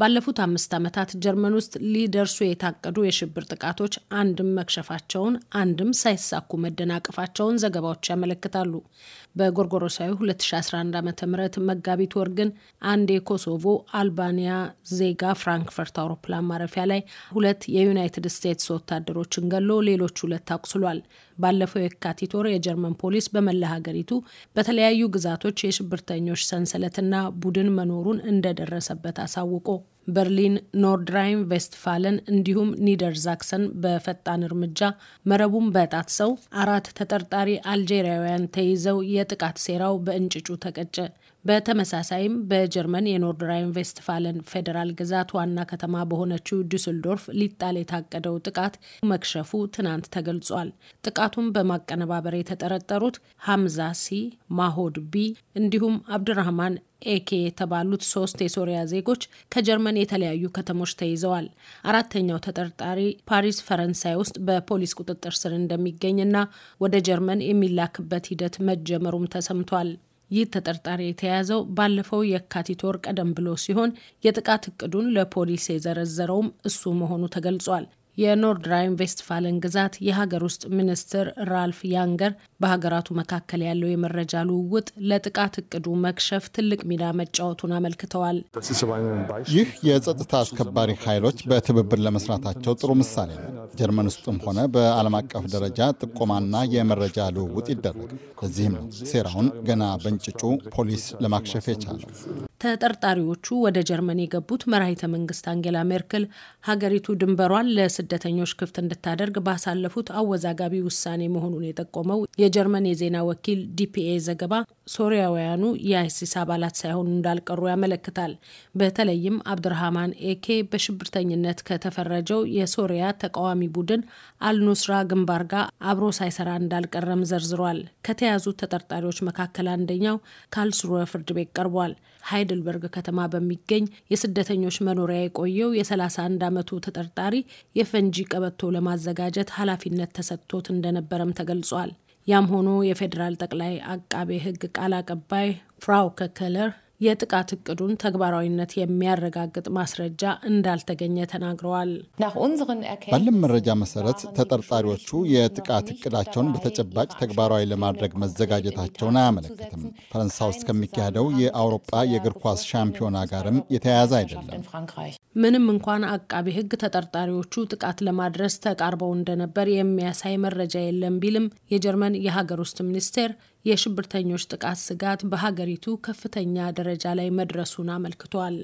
ባለፉት አምስት ዓመታት ጀርመን ውስጥ ሊደርሱ የታቀዱ የሽብር ጥቃቶች አንድም መክሸፋቸውን አንድም ሳይሳኩ መደናቀፋቸውን ዘገባዎች ያመለክታሉ። በጎርጎሮሳዊ 2011 ዓ ም መጋቢት ወር ግን አንድ የኮሶቮ አልባንያ ዜጋ ፍራንክፈርት አውሮፕላን ማረፊያ ላይ ሁለት የዩናይትድ ስቴትስ ወታደሮችን ገሎ ሌሎች ሁለት አቁስሏል። ባለፈው የካቲት ወር የጀርመን ፖሊስ በመላ ሀገሪቱ በተለያዩ ግዛቶች የሽብርተኞች ሰንሰለትና ቡድን መኖሩን እንደደረሰበት አሳውቆ በርሊን፣ ኖርድራይን ቬስትፋለን እንዲሁም ኒደር ዛክሰን በፈጣን እርምጃ መረቡን ሰው አራት ተጠርጣሪ አልጄሪያውያን ተይዘው የጥቃት ሴራው በእንጭጩ ተቀጨ። በተመሳሳይም በጀርመን የኖርድራይን ቬስትፋለን ፌዴራል ግዛት ዋና ከተማ በሆነችው ዱስልዶርፍ ሊጣል የታቀደው ጥቃት መክሸፉ ትናንት ተገልጿል። ጥቃቱን በማቀነባበር የተጠረጠሩት ሀምዛ ሲ፣ ማሆድ ቢ እንዲሁም አብድራህማን ኤኬ የተባሉት ሶስት የሶሪያ ዜጎች ከጀርመን በጀርመን የተለያዩ ከተሞች ተይዘዋል። አራተኛው ተጠርጣሪ ፓሪስ ፈረንሳይ ውስጥ በፖሊስ ቁጥጥር ስር እንደሚገኝና ወደ ጀርመን የሚላክበት ሂደት መጀመሩም ተሰምቷል። ይህ ተጠርጣሪ የተያዘው ባለፈው የካቲት ወር ቀደም ብሎ ሲሆን የጥቃት እቅዱን ለፖሊስ የዘረዘረውም እሱ መሆኑ ተገልጿል። የኖርድራይን ቬስትፋለን ግዛት የሀገር ውስጥ ሚኒስትር ራልፍ ያንገር በሀገራቱ መካከል ያለው የመረጃ ልውውጥ ለጥቃት እቅዱ መክሸፍ ትልቅ ሚና መጫወቱን አመልክተዋል። ይህ የጸጥታ አስከባሪ ኃይሎች በትብብር ለመስራታቸው ጥሩ ምሳሌ ነው። ጀርመን ውስጥም ሆነ በዓለም አቀፍ ደረጃ ጥቆማና የመረጃ ልውውጥ ይደረግ። ለዚህም ነው ሴራውን ገና በእንጭጩ ፖሊስ ለማክሸፍ የቻለው። ተጠርጣሪዎቹ ወደ ጀርመን የገቡት መራሂተ መንግስት አንጌላ ሜርክል ሀገሪቱ ድንበሯን ለስደተኞች ክፍት እንድታደርግ ባሳለፉት አወዛጋቢ ውሳኔ መሆኑን የጠቆመው የጀርመን የዜና ወኪል ዲፒኤ ዘገባ ሶሪያውያኑ የአይሲስ አባላት ሳይሆኑ እንዳልቀሩ ያመለክታል። በተለይም አብድርሃማን ኤኬ በሽብርተኝነት ከተፈረጀው የሶሪያ ተቃዋሚ ተቃዋሚ ቡድን አልኑስራ ግንባር ጋር አብሮ ሳይሰራ እንዳልቀረም ዘርዝሯል። ከተያዙት ተጠርጣሪዎች መካከል አንደኛው ካልስሩወ ፍርድ ቤት ቀርቧል። ሃይድልበርግ ከተማ በሚገኝ የስደተኞች መኖሪያ የቆየው የ31 ዓመቱ ተጠርጣሪ የፈንጂ ቀበቶ ለማዘጋጀት ኃላፊነት ተሰጥቶት እንደነበረም ተገልጿል። ያም ሆኖ የፌዴራል ጠቅላይ አቃቤ ሕግ ቃል አቀባይ ፍራውከ ከለር የጥቃት እቅዱን ተግባራዊነት የሚያረጋግጥ ማስረጃ እንዳልተገኘ ተናግረዋል። ባለም መረጃ መሰረት ተጠርጣሪዎቹ የጥቃት እቅዳቸውን በተጨባጭ ተግባራዊ ለማድረግ መዘጋጀታቸውን አያመለክትም። ፈረንሳይ ውስጥ ከሚካሄደው የአውሮጳ የእግር ኳስ ሻምፒዮና ጋርም የተያያዘ አይደለም። ምንም እንኳን አቃቢ ሕግ ተጠርጣሪዎቹ ጥቃት ለማድረስ ተቃርበው እንደነበር የሚያሳይ መረጃ የለም ቢልም የጀርመን የሀገር ውስጥ ሚኒስቴር የሽብርተኞች ጥቃት ስጋት በሀገሪቱ ከፍተኛ ደረጃ ላይ መድረሱን አመልክቷል